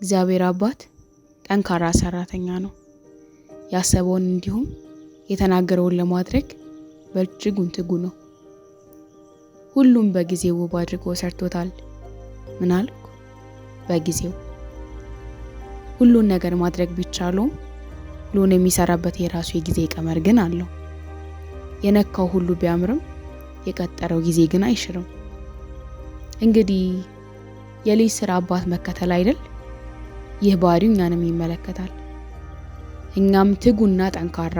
እግዚአብሔር አባት ጠንካራ ሰራተኛ ነው። ያሰበውን እንዲሁም የተናገረውን ለማድረግ በእጅጉን ትጉ ነው። ሁሉም በጊዜው ውብ አድርጎ ሰርቶታል። ምናልኩ በጊዜው ሁሉን ነገር ማድረግ ቢቻለውም ሎን የሚሰራበት የራሱ የጊዜ ቀመር ግን አለው። የነካው ሁሉ ቢያምርም የቀጠረው ጊዜ ግን አይሽርም። እንግዲህ የልጅ ስራ አባት መከተል አይደል? ይህ ባህሪው እኛንም ይመለከታል። እኛም ትጉና ጠንካራ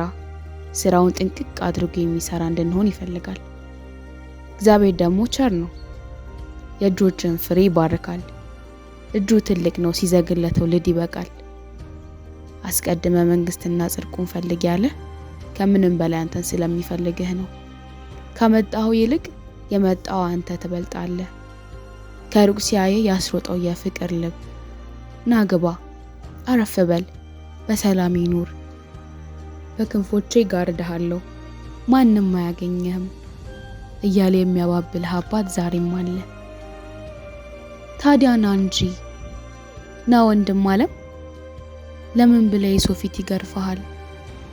ስራውን ጥንቅቅ አድርጎ የሚሰራ እንድንሆን ይፈልጋል። እግዚአብሔር ደግሞ ቸር ነው፣ የእጆችን ፍሬ ይባርካል። እጁ ትልቅ ነው፣ ሲዘግል ለትውልድ ይበቃል። አስቀድመ መንግስትና ጽድቁን ፈልግ ያለ ከምንም በላይ አንተን ስለሚፈልግህ ነው። ከመጣሁ ይልቅ የመጣው አንተ ትበልጣለህ። ከሩቅ ሲያየ ያስሮጠው የፍቅር ልብ ናግባ አረፍ በል በሰላም ይኑር። በክንፎቼ ጋርድሃለሁ ማንም አያገኘህም እያለ የሚያባብልህ አባት ዛሬም አለ። ታዲያ ና እንጂ ና ወንድም አለም። ለምን ብለ ሶፊት ይገርፋል ይገርፈሃል?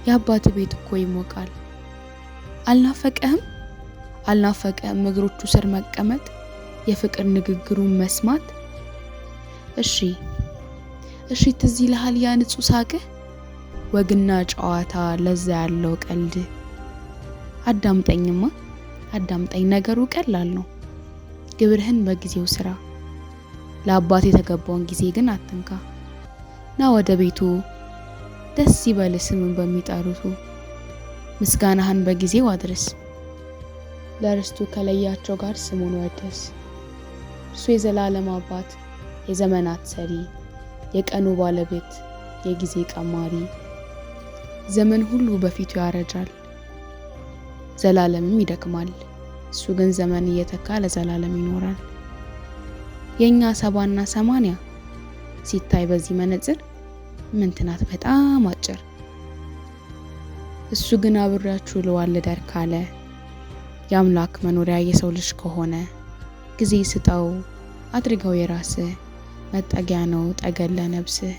የአባት ቤት እኮ ይሞቃል። አልናፈቀህም? አልናፈቀህም እግሮቹ ስር መቀመጥ፣ የፍቅር ንግግሩን መስማት? እሺ እሺ ትዝ ይልሃል ያ ንጹህ ሳቅህ፣ ወግና ጨዋታ፣ ለዛ ያለው ቀልድ። አዳምጠኝማ አዳምጠኝ፣ ነገሩ ቀላል ነው። ግብርህን በጊዜው ስራ፣ ለአባት የተገባውን ጊዜ ግን አትንካ። ና ወደ ቤቱ፣ ደስ ይበል ስምን በሚጠሩቱ፣ ምስጋናህን በጊዜው አድርስ፣ ለርስቱ ከለያቸው ጋር ስሙን ወደስ እርሱ የዘላለም አባት የዘመናት ሰሪ የቀኑ ባለቤት፣ የጊዜ ቀማሪ። ዘመን ሁሉ በፊቱ ያረጃል፣ ዘላለምም ይደክማል። እሱ ግን ዘመን እየተካ ለዘላለም ይኖራል። የእኛ ሰባና ሰማንያ ሲታይ በዚህ መነጽር ምንትናት በጣም አጭር። እሱ ግን አብሬያችሁ ልዋልደር ካለ የአምላክ መኖሪያ የሰው ልጅ ከሆነ ጊዜ ስጠው አድርገው የራስህ መጠጊያ ነው ጠገን ለነብስህ